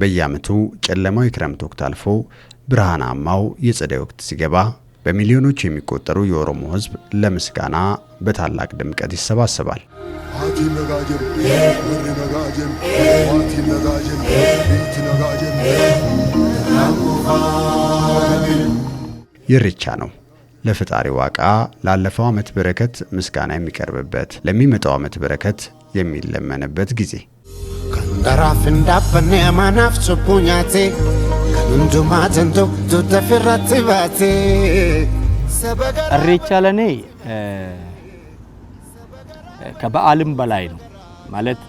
በየዓመቱ ጨለማው የክረምት ወቅት አልፎ ብርሃናማው የጸደይ ወቅት ሲገባ በሚሊዮኖች የሚቆጠሩ የኦሮሞ ሕዝብ ለምስጋና በታላቅ ድምቀት ይሰባሰባል። ይርቻ ነው። ለፈጣሪ ዋቃ ላለፈው ዓመት በረከት ምስጋና የሚቀርብበት ለሚመጣው ዓመት በረከት የሚለመንበት ጊዜ ከንደራፍ እንዳበነ ችቡኛቴ ከንንዱማ ለእኔ ከበዓልም በላይ ነው ማለት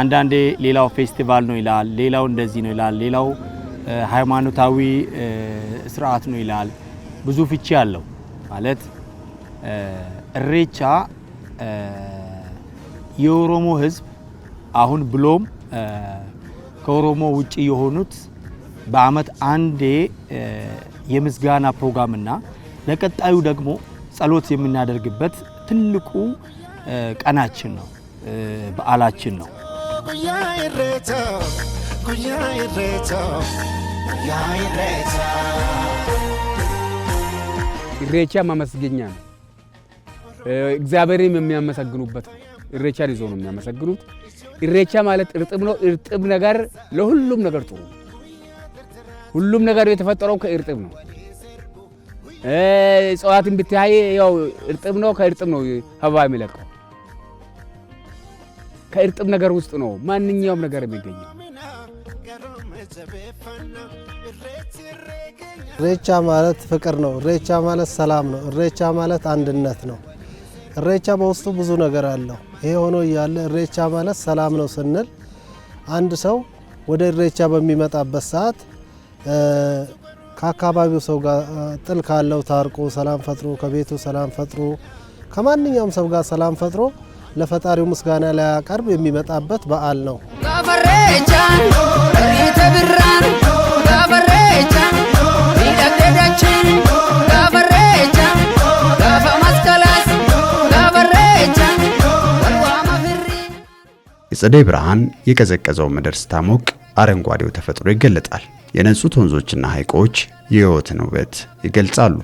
አንዳንዴ ሌላው ፌስቲቫል ነው ይላል፣ ሌላው እንደዚህ ነው ይላል፣ ሌላው ሃይማኖታዊ ስርዓት ነው ይላል። ብዙ ፍቺ አለው ማለት እሬቻ የኦሮሞ ህዝብ አሁን ብሎም ከኦሮሞ ውጭ የሆኑት በአመት አንዴ የምስጋና ፕሮግራም እና ለቀጣዩ ደግሞ ጸሎት የምናደርግበት ትልቁ ቀናችን ነው፣ በዓላችን ነው። Guyya irreecha, guyya irreecha. ኢሬቻ ማመስገኛ ነው። እግዚአብሔርም የሚያመሰግኑበት ነው። ኢሬቻን ይዞ ነው የሚያመሰግኑት። ኢሬቻ ማለት እርጥብ ነው። እርጥብ ነገር ለሁሉም ነገር ጥሩ ሁሉም ነገር የተፈጠረው ከእርጥብ ነው። እጽዋትን ብታይ ያው እርጥብ ነው። ከእርጥብ ነው አበባ የሚለቀው ከእርጥብ ነገር ውስጥ ነው ማንኛውም ነገር የሚገኘው። እሬቻ ማለት ፍቅር ነው። እሬቻ ማለት ሰላም ነው። እሬቻ ማለት አንድነት ነው። እሬቻ በውስጡ ብዙ ነገር አለው። ይሄ ሆኖ እያለ እሬቻ ማለት ሰላም ነው ስንል አንድ ሰው ወደ እሬቻ በሚመጣበት ሰዓት ከአካባቢው ሰው ጋር ጥል ካለው ታርቆ ሰላም ፈጥሮ ከቤቱ ሰላም ፈጥሮ ከማንኛውም ሰው ጋር ሰላም ፈጥሮ ለፈጣሪው ምስጋና ሊያቀርብ የሚመጣበት በዓል ነው። የጸደይ ብርሃን የቀዘቀዘው ምድር ስታሞቅ አረንጓዴው ተፈጥሮ ይገለጣል። የነጹት ወንዞችና ሐይቆች የሕይወትን ውበት ይገልጻሉ።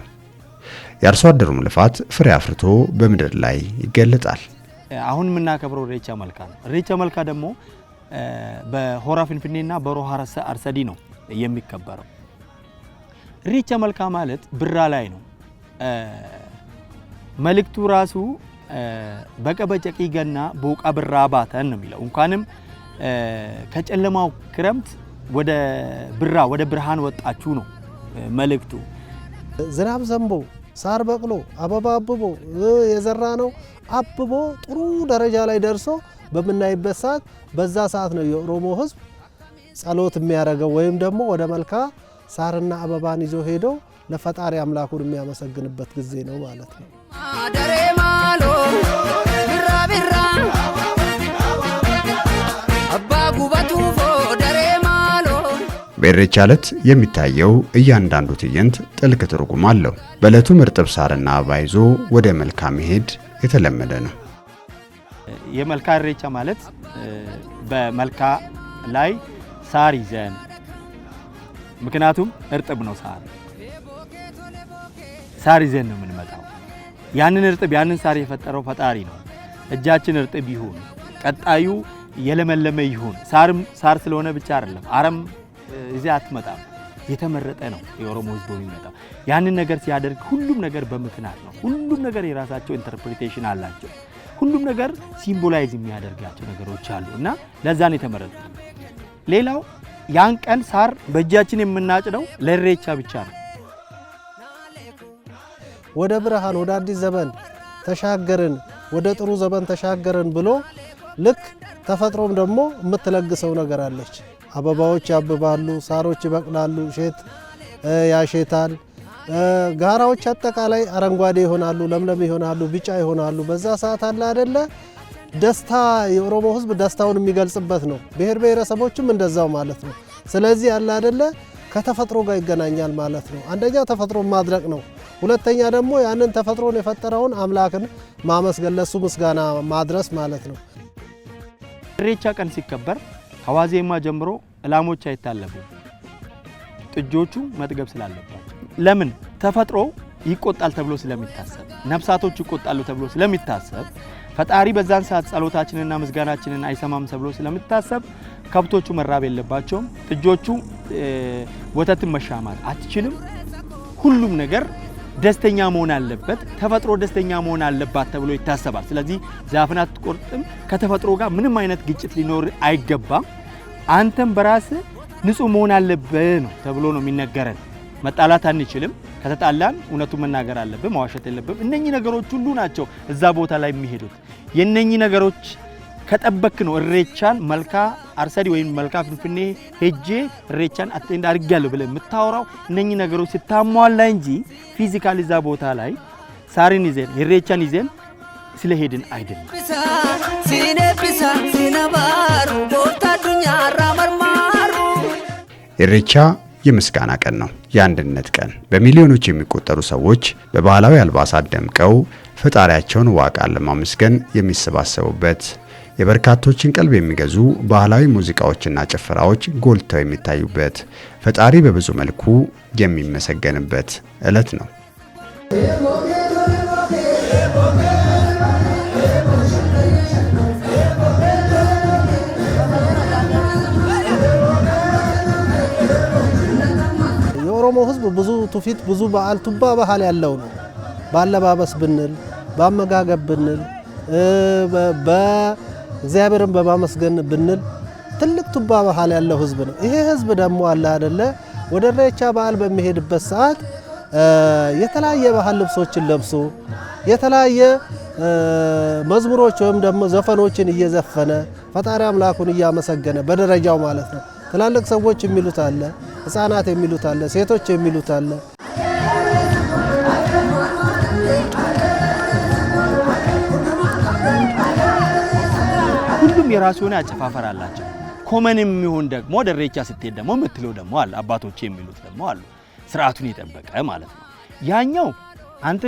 የአርሶ አደሩም ልፋት ፍሬ አፍርቶ በምድር ላይ ይገለጣል። አሁን የምናከብረው ሬቻ መልካ ነው። ሬቻ መልካ ደግሞ በሆራ ፊንፊኔና በሮሃ አርሰዲ ነው የሚከበረው። ኢሬቻ መልካ ማለት ብራ ላይ ነው። መልእክቱ ራሱ በቀበጨቂ ገና ቦቃ ብራ ባተን ነው የሚለው። እንኳንም ከጨለማው ክረምት ወደ ብራ ወደ ብርሃን ወጣችሁ ነው መልእክቱ። ዝናብ ዘንቦ ሳር በቅሎ አበባ አብቦ የዘራ ነው አብቦ ጥሩ ደረጃ ላይ ደርሶ በምናይበት ሰዓት በዛ ሰዓት ነው የኦሮሞ ህዝብ ጸሎት የሚያደርገው ወይም ደግሞ ወደ መልካ ሳርና አበባን ይዞ ሄዶ ለፈጣሪ አምላኩን የሚያመሰግንበት ጊዜ ነው ማለት ነው። በኢሬቻ ዕለት የሚታየው እያንዳንዱ ትዕይንት ጥልቅ ትርጉም አለው። በዕለቱም እርጥብ ሳርና አበባ ይዞ ወደ መልካ መሄድ የተለመደ ነው። የመልካ እሬቻ ማለት በመልካ ላይ ሳር ይዘን ምክንያቱም እርጥብ ነው ሳር ሳር ይዘን ነው የምንመጣው። ያንን እርጥብ ያንን ሳር የፈጠረው ፈጣሪ ነው። እጃችን እርጥብ ይሁን፣ ቀጣዩ የለመለመ ይሁን። ሳርም ሳር ስለሆነ ብቻ አይደለም፣ አረም እዚ አትመጣም። የተመረጠ ነው የኦሮሞ ሕዝብ የሚመጣው። ያንን ነገር ሲያደርግ ሁሉም ነገር በምክንያት ነው። ሁሉም ነገር የራሳቸው ኢንተርፕሪቴሽን አላቸው። ሁሉም ነገር ሲምቦላይዝ የሚያደርጋቸው ነገሮች አሉ እና ለዛን የተመረጠ። ሌላው ያን ቀን ሳር በእጃችን የምናጭደው ለሬቻ ብቻ ነው። ወደ ብርሃን ወደ አዲስ ዘመን ተሻገርን፣ ወደ ጥሩ ዘመን ተሻገርን ብሎ ልክ ተፈጥሮም ደግሞ የምትለግሰው ነገር አለች። አበባዎች ያብባሉ፣ ሳሮች ይበቅላሉ፣ እሸት ያሸታል። ጋራዎች አጠቃላይ አረንጓዴ ይሆናሉ፣ ለምለም ይሆናሉ፣ ቢጫ ይሆናሉ። በዛ ሰዓት አለ አደለ ደስታ የኦሮሞ ህዝብ ደስታውን የሚገልጽበት ነው። ብሔር ብሔረሰቦችም እንደዛው ማለት ነው። ስለዚህ አለ አደለ ከተፈጥሮ ጋር ይገናኛል ማለት ነው። አንደኛ ተፈጥሮ ማድረቅ ነው። ሁለተኛ ደግሞ ያንን ተፈጥሮን የፈጠረውን አምላክን ማመስገን፣ ለሱ ምስጋና ማድረስ ማለት ነው። ኢሬቻ ቀን ሲከበር ከዋዜማ ጀምሮ እላሞች አይታለፉ፣ ጥጆቹ መጥገብ ስላለባት ለምን ተፈጥሮ ይቆጣል ተብሎ ስለሚታሰብ ነፍሳቶች ይቆጣሉ ተብሎ ስለሚታሰብ ፈጣሪ በዛን ሰዓት ጸሎታችንና ምስጋናችንን አይሰማም ተብሎ ስለሚታሰብ ከብቶቹ መራብ የለባቸውም። ጥጆቹ ወተትን መሻማት አትችልም። ሁሉም ነገር ደስተኛ መሆን አለበት። ተፈጥሮ ደስተኛ መሆን አለባት ተብሎ ይታሰባል። ስለዚህ ዛፍን አትቆርጥም። ከተፈጥሮ ጋር ምንም አይነት ግጭት ሊኖር አይገባም። አንተም በራስህ ንጹህ መሆን አለብህ ነው ተብሎ ነው የሚነገረን። መጣላት አንችልም። ከተጣላን እውነቱ መናገር አለብን፣ መዋሸት የለብም። እነኚህ ነገሮች ሁሉ ናቸው እዛ ቦታ ላይ የሚሄዱት። የነኚህ ነገሮች ከጠበክ ነው እሬቻን መልካ አርሰዲ ወይም መልካ ፍንፍኔ ሄጄ እሬቻን አቴንድ አድርጌያለሁ ብለህ የምታወራው እነኚህ ነገሮች ስታሟላ እንጂ ፊዚካል እዛ ቦታ ላይ ሳሪን ይዘን እሬቻን ይዘን ስለሄድን አይደለም። እሬቻ የምስጋና ቀን ነው፣ የአንድነት ቀን። በሚሊዮኖች የሚቆጠሩ ሰዎች በባህላዊ አልባሳት ደምቀው ፈጣሪያቸውን ዋቃን ለማመስገን የሚሰባሰቡበት የበርካቶችን ቀልብ የሚገዙ ባህላዊ ሙዚቃዎችና ጭፈራዎች ጎልተው የሚታዩበት ፈጣሪ በብዙ መልኩ የሚመሰገንበት ዕለት ነው። ብዙ ትውፊት ብዙ በዓል ቱባ ባህል ያለው ነው። በአለባበስ ብንል፣ በአመጋገብ ብንል፣ በእግዚአብሔርን በማመስገን ብንል ትልቅ ቱባ ባህል ያለው ህዝብ ነው። ይሄ ህዝብ ደግሞ አለ አደለ ወደ ኢሬቻ በዓል በሚሄድበት ሰዓት የተለያየ ባህል ልብሶችን ለብሶ የተለያየ መዝሙሮች ወይም ደግሞ ዘፈኖችን እየዘፈነ ፈጣሪ አምላኩን እያመሰገነ በደረጃው ማለት ነው። ትላልቅ ሰዎች የሚሉት አለ ህፃናት የሚሉት አለ፣ ሴቶች የሚሉት አለ። ሁሉም የራሱ የሆነ አጨፋፈር አላቸው። ኮመን የሚሆን ደግሞ ደረቻ ስትሄድ ደግሞ የምትለው ደግሞ አለ፣ አባቶች የሚሉት ደግሞ አሉ። ስርዓቱን የጠበቀ ማለት ነው። ያኛው አንተ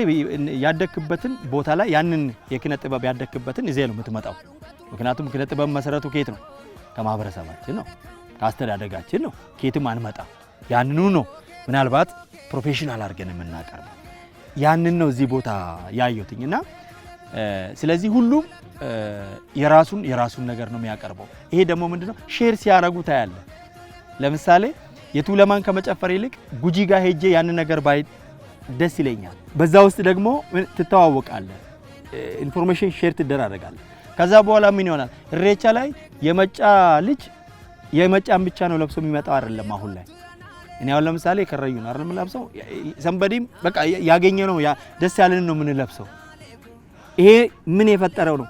ያደክበትን ቦታ ላይ ያንን የኪነ ጥበብ ያደክበትን ይዜ ነው የምትመጣው። ምክንያቱም ኪነ ጥበብ መሰረቱ ከየት ነው? ከማህበረሰባችን ነው። አስተዳደጋችን ነው። ኬትም አንመጣ ያንኑ ነው ምናልባት ፕሮፌሽናል አድርገን የምናቀርበው ያንን ነው እዚህ ቦታ ያየሁትኝ እና ስለዚህ ሁሉም የራሱን የራሱን ነገር ነው የሚያቀርበው። ይሄ ደግሞ ምንድነው ሼር ሲያረጉ ታያለ። ለምሳሌ የቱለማን ከመጨፈር ይልቅ ጉጂ ጋር ሄጄ ያንን ነገር ባይ ደስ ይለኛል። በዛ ውስጥ ደግሞ ትተዋወቃለ፣ ኢንፎርሜሽን ሼር ትደራረጋለ። ከዛ በኋላ ምን ይሆናል? እሬቻ ላይ የመጫ ልጅ የመጫን ብቻ ነው ለብሶ የሚመጣው አይደለም። አሁን ላይ እኔ አሁን ለምሳሌ ከረዩ ነው አይደለም ለብሰው ሰንበዲም በቃ ያገኘ ነው ደስ ያለን ነው የምንለብሰው። ይሄ ምን የፈጠረው ነው?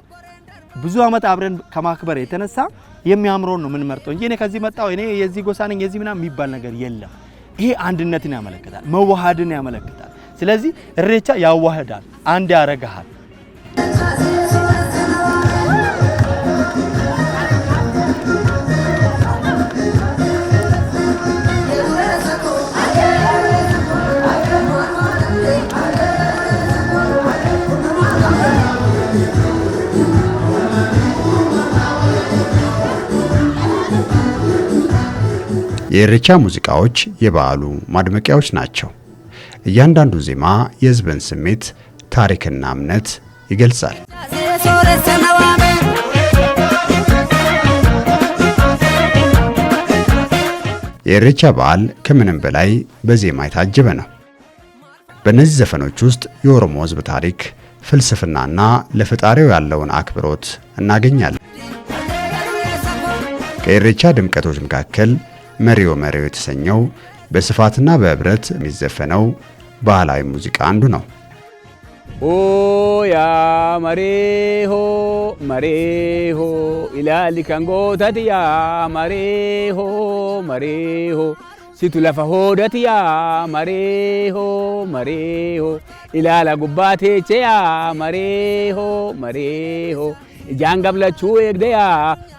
ብዙ ዓመት አብረን ከማክበር የተነሳ የሚያምረውን ነው የምንመርጠው እንጂ እኔ ከዚህ መጣሁ እኔ የዚህ ጎሳ ነኝ የዚህ ምናምን የሚባል ነገር የለም። ይሄ አንድነትን ያመለክታል፣ መዋሃድን ያመለክታል። ስለዚህ እሬቻ ያዋህዳል፣ አንድ ያረጋሃል። የኢሬቻ ሙዚቃዎች የበዓሉ ማድመቂያዎች ናቸው። እያንዳንዱ ዜማ የህዝብን ስሜት፣ ታሪክና እምነት ይገልጻል። የኢሬቻ በዓል ከምንም በላይ በዜማ የታጀበ ነው። በእነዚህ ዘፈኖች ውስጥ የኦሮሞ ሕዝብ ታሪክ፣ ፍልስፍናና ለፈጣሪው ያለውን አክብሮት እናገኛለን። ከኢሬቻ ድምቀቶች መካከል መሪው መሪው የተሰኘው በስፋትና በህብረት የሚዘፈነው ባህላዊ ሙዚቃ አንዱ ነው። ኦ ኦያ መሬሆ መሬሆ ኢላሊ ከንጎተትያ መሬሆ መሬሆ ሲቱ ለፈ ሆደትያ መሬሆ መሬሆ ኢላላ ጉባቴቼያ መሬሆ መሬሆ እጃን ገብለቹ ኤግደያ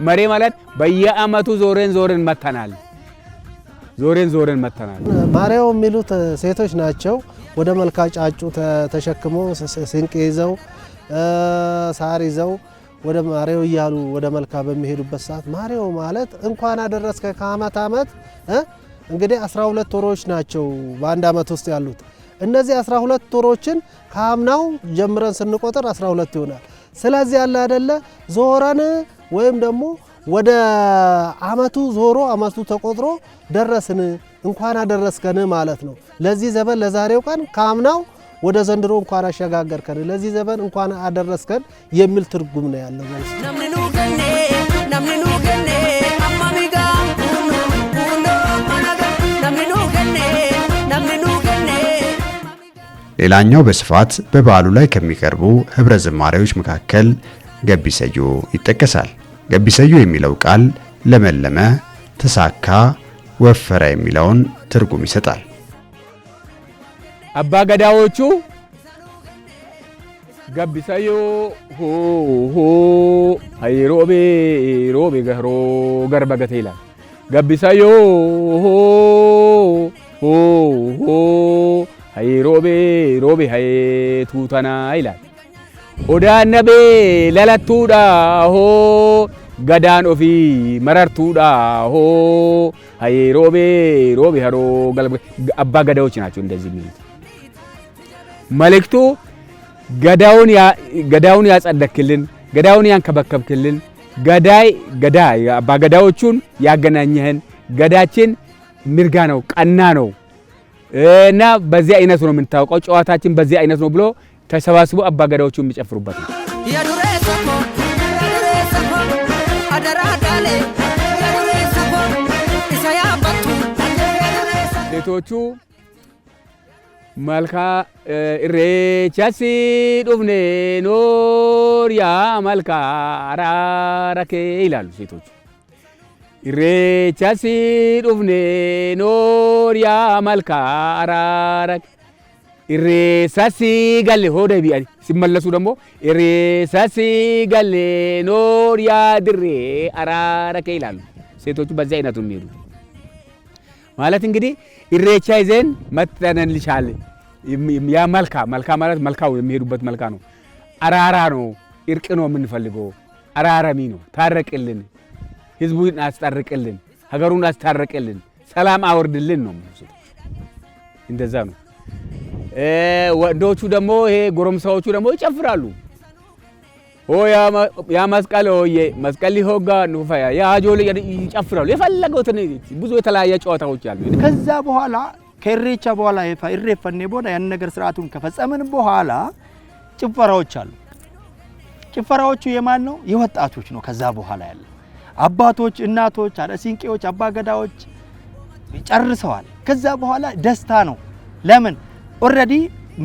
መሬ ማለት በየአመቱ ዞሬን ዞሬን መተናል። ዞሬን ዞሬን መተናል። ማሪያው የሚሉት ሴቶች ናቸው። ወደ መልካ ጫጩ ተሸክሞ ስንቅ ይዘው ሳር ይዘው ወደ ማሪያው እያሉ ወደ መልካ በሚሄዱበት ሰዓት ማሪያው ማለት እንኳን አደረስከ ከአመት አመት እንግዲህ 12 ወሮች ናቸው በአንድ አመት ውስጥ ያሉት። እነዚህ 12 ወሮችን ከአምናው ጀምረን ስንቆጥር 12 ይሆናል። ስለዚህ ያለ አይደለ ዞረን ወይም ደግሞ ወደ አመቱ ዞሮ አመቱ ተቆጥሮ ደረስን እንኳን አደረስከን ማለት ነው። ለዚህ ዘመን ለዛሬው ቀን ከአምናው ወደ ዘንድሮ እንኳን አሸጋገርከን፣ ለዚህ ዘመን እንኳን አደረስከን የሚል ትርጉም ነው ያለው። ሌላኛው በስፋት በበዓሉ ላይ ከሚቀርቡ ህብረ ዝማሬዎች መካከል ገቢሰዮ ይጠቀሳል። ገቢሰዩ የሚለው ቃል ለመለመ፣ ተሳካ፣ ወፈረ የሚለውን ትርጉም ይሰጣል። አባ ገዳዎቹ ገቢሰዩ ሆሆ ሀይሮቤ ሮቤ ገሮ ገርበገቴ ይላል። ገቢሰዩ ሆሆ ሀይሮቤ ሮቤ ሀይ ቱተና ይላል። ኦዳነቤ ለለቱዳ ሆ gadaan ofii marartuudha hoo haye roobe roobe haroo galba abbaa ገዳዎች ናቸው እንደዚህ የሚሉት። መልእክቱ ገዳውን ያጸደክልን፣ ገዳውን ያንከበከብክልን፣ ገዳይ ገዳ አባ ገዳዎቹን ያገናኘህን ገዳችን ምርጋ ነው ቀና ነው እና በዚህ አይነት ነው የምንታወቀው ጨዋታችን በዚህ አይነት ነው ብሎ ተሰባስቦ አባ ገዳዎቹ የሚጨፍሩበት ነው። ሴቶቹ መልካ እሬቻሲ ዱፍኔ ኖርያ መልካ አራረኬ ይላሉ ሴቶቹ። እሬቻሲ ዱፍኔ ኖርያ መልካ አራረኬ እሬሳ ሲጋሌ ሆደ ቢአል ሲመለሱ ደግሞ እሬሳ ሲጋሌ ኖር ያድሬ አራረከ ይላሉ። ሴቶቹ በዚህ አይነቱ የሚሄዱ ማለት እንግዲህ እሬቻ ይዘን መጠነን ልሻል ያ መልካ መልካ ማለት መልካው የሚሄዱበት መልካ ነው። አራራ ነው፣ እርቅ ነው የምንፈልገው። አራረሚ ነው፣ ታረቅልን፣ ህዝቡን አስታርቅልን፣ ሀገሩን አስታርቅልን፣ ሰላም አወርድልን ነው። እንደዛ ነው። ወንዶቹ ደግሞ ይሄ ጎረምሳዎቹ ደግሞ ይጨፍራሉ። ኦ ያ መስቀል ኦዬ መስቀል ሊሆጋ ንፋያ ያ አጆል ይጨፍራሉ። የፈለገውትን ብዙ የተለያየ ጨዋታዎች አሉ። ከዛ በኋላ ከኢሬቻ በኋላ ኢሬፈኔ ቦታ ያን ነገር ስርዓቱን ከፈጸምን በኋላ ጭፈራዎች አሉ። ጭፈራዎቹ የማን ነው? የወጣቶች ነው። ከዛ በኋላ ያለ አባቶች፣ እናቶች፣ አረሲንቄዎች፣ አባገዳዎች ጨርሰዋል። ከዛ በኋላ ደስታ ነው። ለምን ኦልሬዲ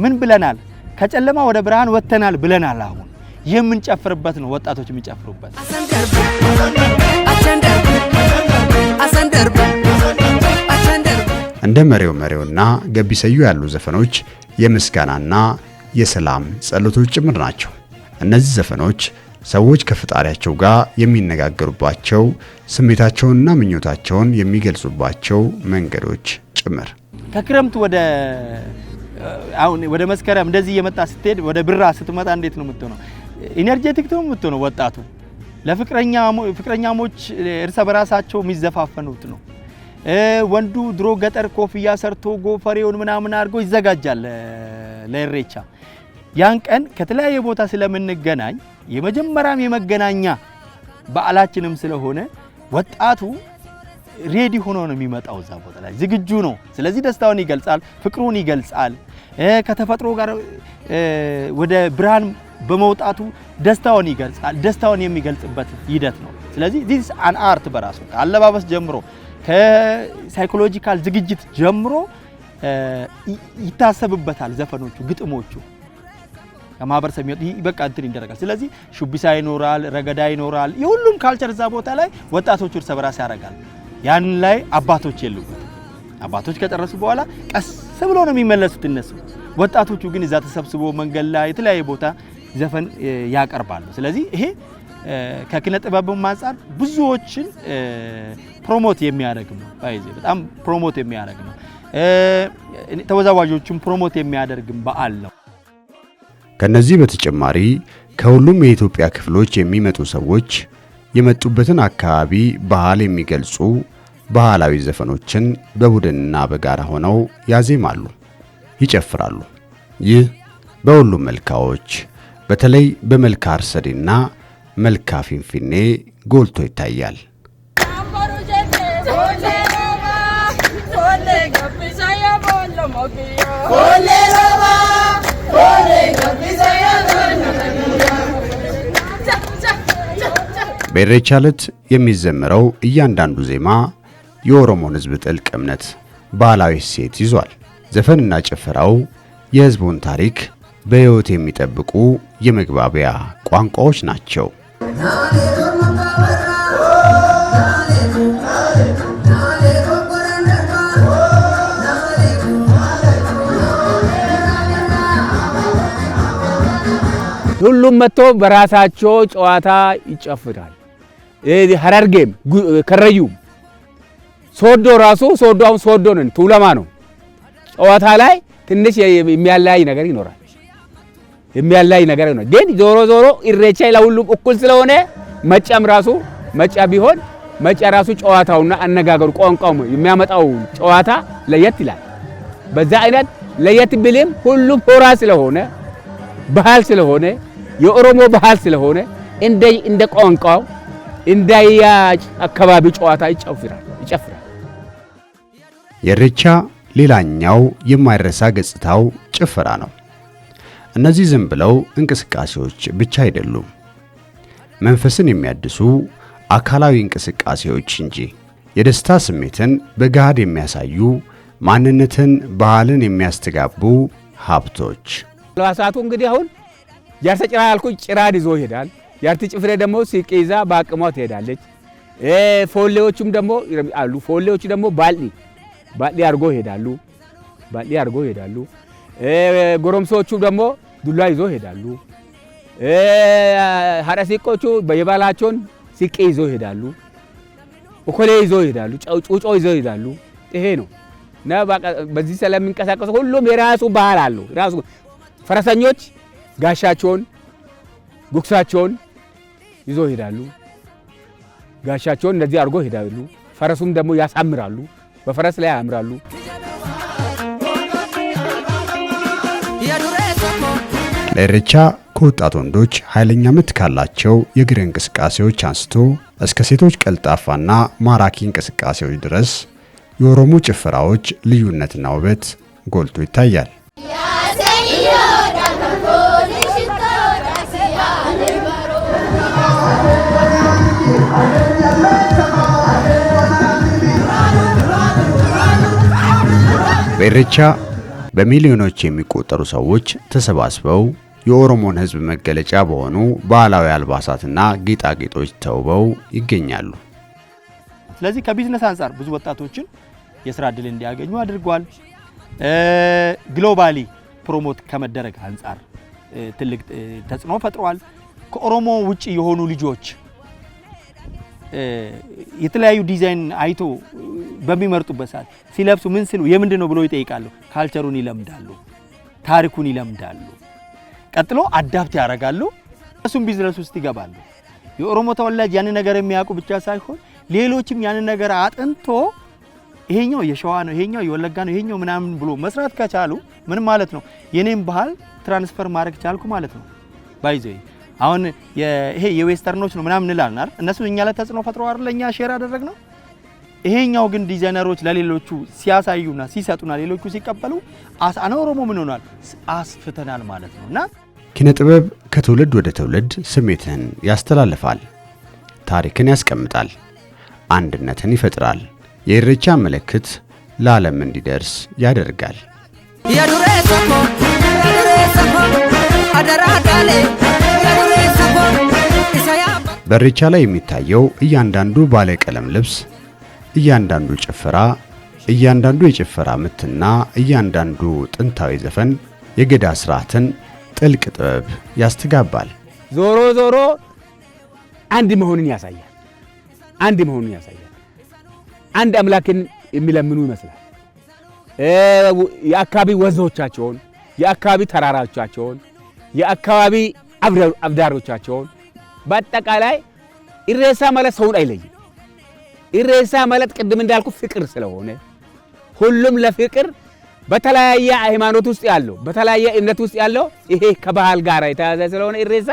ምን ብለናል? ከጨለማ ወደ ብርሃን ወጥተናል ብለናል። አሁን የምንጨፍርበት ነው፣ ወጣቶች የሚጨፍሩበት እንደ መሪው መሪውና ገቢሰዩ ያሉ ዘፈኖች የምስጋናና የሰላም ጸሎቶች ጭምር ናቸው። እነዚህ ዘፈኖች ሰዎች ከፈጣሪያቸው ጋር የሚነጋገሩባቸው፣ ስሜታቸውንና ምኞታቸውን የሚገልጹባቸው መንገዶች ጭምር ከክረምት ወደ አሁን ወደ መስከረም እንደዚህ እየመጣ ስትሄድ ወደ ብራ ስትመጣ እንዴት ነው የምትሆነው? ኢነርጄቲክ ነው የምትሆነው ወጣቱ ለፍቅረኛሞች እርሰ በራሳቸው የሚዘፋፈኑት ነው። ወንዱ ድሮ ገጠር ኮፍያ ሰርቶ ጎፈሬውን ምናምን አድርጎ ይዘጋጃል ለኢሬቻ። ያን ቀን ከተለያየ ቦታ ስለምንገናኝ የመጀመሪያም የመገናኛ በዓላችንም ስለሆነ ወጣቱ ሬዲ ሆኖ ነው የሚመጣው እዛ ቦታ ላይ ዝግጁ ነው። ስለዚህ ደስታውን ይገልጻል፣ ፍቅሩን ይገልጻል። ከተፈጥሮ ጋር ወደ ብርሃን በመውጣቱ ደስታውን ይገልጻል። ደስታውን የሚገልጽበት ሂደት ነው። ስለዚህ ዚስ አን አርት በራሱ ከአለባበስ ጀምሮ ከሳይኮሎጂካል ዝግጅት ጀምሮ ይታሰብበታል። ዘፈኖቹ፣ ግጥሞቹ ከማህበረሰብ የሚወጡ በቃ እንትን ይደረጋል። ስለዚህ ሹቢሳ ይኖራል፣ ረገዳ ይኖራል። የሁሉም ካልቸር እዛ ቦታ ላይ ወጣቶቹ እርስ በራስ ያደርጋል። ያን ላይ አባቶች የሉም። አባቶች ከጨረሱ በኋላ ቀስ ብሎ ነው የሚመለሱት እነሱ። ወጣቶቹ ግን እዛ ተሰብስቦ መንገድ ላይ የተለያየ ቦታ ዘፈን ያቀርባሉ። ስለዚህ ይሄ ከኪነ ጥበብም አንጻር ብዙዎችን ፕሮሞት የሚያደርግ ነው። በጣም ፕሮሞት የሚያደርግ ነው። ተወዛዋዦችን ፕሮሞት የሚያደርግም በዓል ነው። ከነዚህ በተጨማሪ ከሁሉም የኢትዮጵያ ክፍሎች የሚመጡ ሰዎች የመጡበትን አካባቢ ባህል የሚገልጹ ባህላዊ ዘፈኖችን በቡድንና በጋራ ሆነው ያዜማሉ፣ ይጨፍራሉ። ይህ በሁሉም መልካዎች በተለይ በመልካ አርሰዴና መልካ ፊንፊኔ ጎልቶ ይታያል። ሆሌ በኢሬቻ ዕለት የሚዘመረው እያንዳንዱ ዜማ የኦሮሞን ሕዝብ ጥልቅ እምነት፣ ባህላዊ እሴት ይዟል። ዘፈንና ጭፈራው የሕዝቡን ታሪክ በሕይወት የሚጠብቁ የመግባቢያ ቋንቋዎች ናቸው። ሁሉም መጥቶ በራሳቸው ጨዋታ ይጨፍራል። ሀረርጌም፣ ከረዩም፣ ሶዶ ራሱ ሶዶ አሁን ሶዶ ነን ቱለማ ነው። ጨዋታ ላይ ትንሽ የሚያለያይ ነገር ይኖራል። የሚያለያይ ነገር ነው። ግን ዞሮ ዞሮ ኢሬቻ ለሁሉም እኩል ስለሆነ መጫም ራሱ መጫ ቢሆን መጫ ራሱ ጨዋታውና አነጋገሩ ቋንቋው የሚያመጣው ጨዋታ ለየት ይላል። በዛ አይነት ለየት ብልም ሁሉም ሆራ ስለሆነ ባህል ስለሆነ የኦሮሞ ባህል ስለሆነ እንደ እንደ ቋንቋው እንዳያ አካባቢ ጨዋታ ይጨፍራል ይጨፍራል። የኢሬቻ ሌላኛው የማይረሳ ገጽታው ጭፈራ ነው። እነዚህ ዝም ብለው እንቅስቃሴዎች ብቻ አይደሉም፣ መንፈስን የሚያድሱ አካላዊ እንቅስቃሴዎች እንጂ የደስታ ስሜትን በገሃድ የሚያሳዩ ማንነትን፣ ባህልን የሚያስተጋቡ ሀብቶች። አልባሳቱ እንግዲህ አሁን ጃርሰ ጭራ ያልኩ ጭራድ ይዞ ይሄዳል። የአርቲ ጭፍሬ ደግሞ ይዛ በአቅሟ ትሄዳለች። ፎሌዎቹም ደግሞ አሉ። ፎሌዎቹ ደግሞ ባልዲ ባልዲ አድርጎ ይሄዳሉ። ባልዲ አድርጎ ይሄዳሉ። ጎረምሶቹ ደግሞ ዱላ ይዞ ይሄዳሉ። ሀረሲቆቹ የባላቸውን ሲቄ ይዞ ይሄዳሉ። እኮሌ ይዞ ይሄዳሉ። ጩጮ ይዞ ይሄዳሉ። ይሄ ነው እና በዚህ ስለሚንቀሳቀሱ ሁሉም የራሱ ባህል አለው። ራሱ ፈረሰኞች ጋሻቸውን ጉክሳቸውን ይዞ ይሄዳሉ። ጋሻቸውን እንደዚህ አድርጎ ይሄዳሉ። ፈረሱም ደግሞ ያሳምራሉ። በፈረስ ላይ ያምራሉ። ለኢሬቻ ከወጣት ወንዶች ኃይለኛ ምት ካላቸው የእግር እንቅስቃሴዎች አንስቶ እስከ ሴቶች ቀልጣፋና ማራኪ እንቅስቃሴዎች ድረስ የኦሮሞ ጭፈራዎች ልዩነትና ውበት ጎልቶ ይታያል። በኢሬቻ በሚሊዮኖች የሚቆጠሩ ሰዎች ተሰባስበው የኦሮሞን ሕዝብ መገለጫ በሆኑ ባህላዊ አልባሳትና ጌጣጌጦች ተውበው ይገኛሉ። ስለዚህ ከቢዝነስ አንጻር ብዙ ወጣቶችን የስራ እድል እንዲያገኙ አድርጓል። ግሎባሊ ፕሮሞት ከመደረግ አንጻር ትልቅ ተጽዕኖ ፈጥሯል። ከኦሮሞ ውጭ የሆኑ ልጆች የተለያዩ ዲዛይን አይቶ በሚመርጡበት ሰዓት ሲለብሱ ምን ስሉ የምንድን ነው ብሎ ይጠይቃሉ። ካልቸሩን ይለምዳሉ፣ ታሪኩን ይለምዳሉ። ቀጥሎ አዳፕት ያደርጋሉ። እሱም ቢዝነስ ውስጥ ይገባሉ። የኦሮሞ ተወላጅ ያንን ነገር የሚያውቁ ብቻ ሳይሆን ሌሎችም ያንን ነገር አጥንቶ ይሄኛው የሸዋ ነው፣ ይሄኛው የወለጋ ነው፣ ይሄኛው ምናምን ብሎ መስራት ከቻሉ ምን ማለት ነው? የኔም ባህል ትራንስፈር ማድረግ ቻልኩ ማለት ነው ባይዘይ አሁን ይሄ የዌስተርኖች ነው ምናምን እንላለን አይደል? እነሱ እኛ ላይ ተጽዕኖ ፈጥሮ አይደል ለኛ ሼር አደረግ ነው። ይሄኛው ግን ዲዛይነሮች ለሌሎቹ ሲያሳዩና ሲሰጡና ሌሎቹ ሲቀበሉ አነ ኦሮሞ ምን ሆኗል አስፍተናል ማለት ነው። እና ኪነ ጥበብ ከትውልድ ወደ ትውልድ ስሜትን ያስተላልፋል፣ ታሪክን ያስቀምጣል፣ አንድነትን ይፈጥራል። የኢሬቻ ምልክት ለዓለም እንዲደርስ ያደርጋል። በኢሬቻ ላይ የሚታየው እያንዳንዱ ባለቀለም ልብስ፣ እያንዳንዱ ጭፈራ፣ እያንዳንዱ የጭፈራ ምትና እያንዳንዱ ጥንታዊ ዘፈን የገዳ ስርዓትን ጥልቅ ጥበብ ያስተጋባል። ዞሮ ዞሮ አንድ መሆንን ያሳያል። አንድ መሆኑን ያሳያል። አንድ አምላክን የሚለምኑ ይመስላል። የአካባቢ ወዞቻቸውን፣ የአካባቢ ተራራቻቸውን። የአካባቢ አብዳሮቻቸውን በአጠቃላይ ኢሬሳ ማለት ሰውን አይለይም። ኢሬሳ ማለት ቅድም እንዳልኩ ፍቅር ስለሆነ ሁሉም ለፍቅር በተለያየ ሃይማኖት ውስጥ ያለው በተለያየ እምነት ውስጥ ያለው ይሄ ከባህል ጋር የተያዘ ስለሆነ ኢሬሳ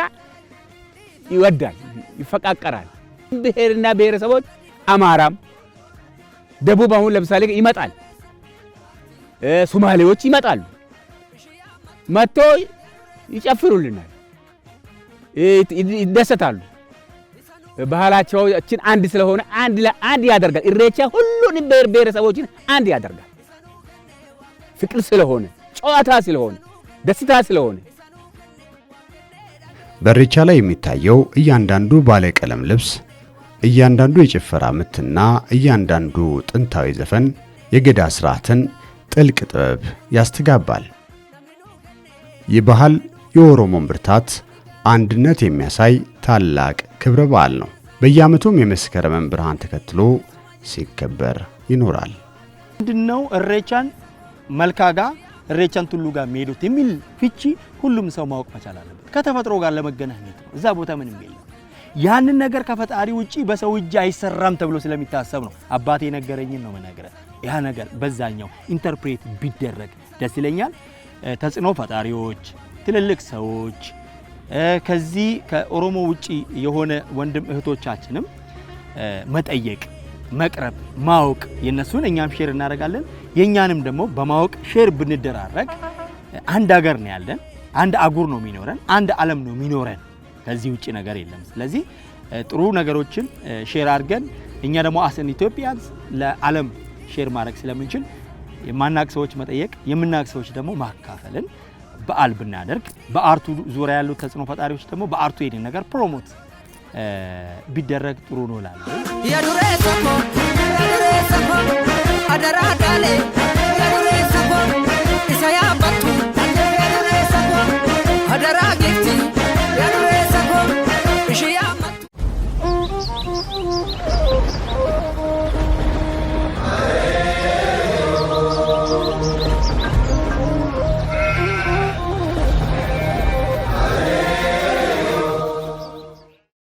ይወዳል፣ ይፈቃቀራል። ብሔርና ብሔረሰቦች አማራም፣ ደቡብ አሁን ለምሳሌ ይመጣል፣ ሶማሌዎች ይመጣሉ መጥቶ ይጨፍሩልናል፣ ይደሰታሉ። ባህላቸዋችን አንድ ስለሆነ አንድ ለአንድ ያደርጋል። እሬቻ ሁሉንም ብሔር ብሔረሰቦችን አንድ ያደርጋል። ፍቅር ስለሆነ፣ ጨዋታ ስለሆነ፣ ደስታ ስለሆነ በኢሬቻ ላይ የሚታየው እያንዳንዱ ባለቀለም ልብስ፣ እያንዳንዱ የጭፈራ ምትና እያንዳንዱ ጥንታዊ ዘፈን የገዳ ስርዓትን ጥልቅ ጥበብ ያስተጋባል። ይህ ባህል የኦሮሞን ብርታት፣ አንድነት የሚያሳይ ታላቅ ክብረ በዓል ነው። በየዓመቱም የመስከረምን ብርሃን ተከትሎ ሲከበር ይኖራል። ምንድነው እሬቻን መልካ ጋር እሬቻን ቱሉ ጋር የሚሄዱት የሚል ፍቺ ሁሉም ሰው ማወቅ መቻል አለበት። ከተፈጥሮ ጋር ለመገናኘት ነው። እዛ ቦታ ምንም የለም። ያንን ነገር ከፈጣሪ ውጪ በሰው እጅ አይሰራም ተብሎ ስለሚታሰብ ነው። አባቴ የነገረኝን ነው መናገር። ያ ነገር በዛኛው ኢንተርፕሬት ቢደረግ ደስ ይለኛል። ተጽዕኖ ፈጣሪዎች ትልልቅ ሰዎች ከዚህ ከኦሮሞ ውጪ የሆነ ወንድም እህቶቻችንም መጠየቅ፣ መቅረብ፣ ማወቅ የነሱን እኛም ሼር እናደርጋለን። የእኛንም ደግሞ በማወቅ ሼር ብንደራረግ አንድ ሀገር ነው ያለን፣ አንድ አጉር ነው የሚኖረን፣ አንድ ዓለም ነው የሚኖረን። ከዚህ ውጭ ነገር የለም። ስለዚህ ጥሩ ነገሮችን ሼር አድርገን እኛ ደግሞ አስን ኢትዮጵያንስ ለዓለም ሼር ማድረግ ስለምንችል የማናቅ ሰዎች መጠየቅ፣ የምናቅ ሰዎች ደግሞ ማካፈልን በዓል ብናደርግ በአርቱ ዙሪያ ያሉት ተጽዕኖ ፈጣሪዎች ደግሞ በአርቱ ይሄን ነገር ፕሮሞት ቢደረግ ጥሩ ነው እላለሁ። አደራ ቃሌ የዱሬ ሰፎ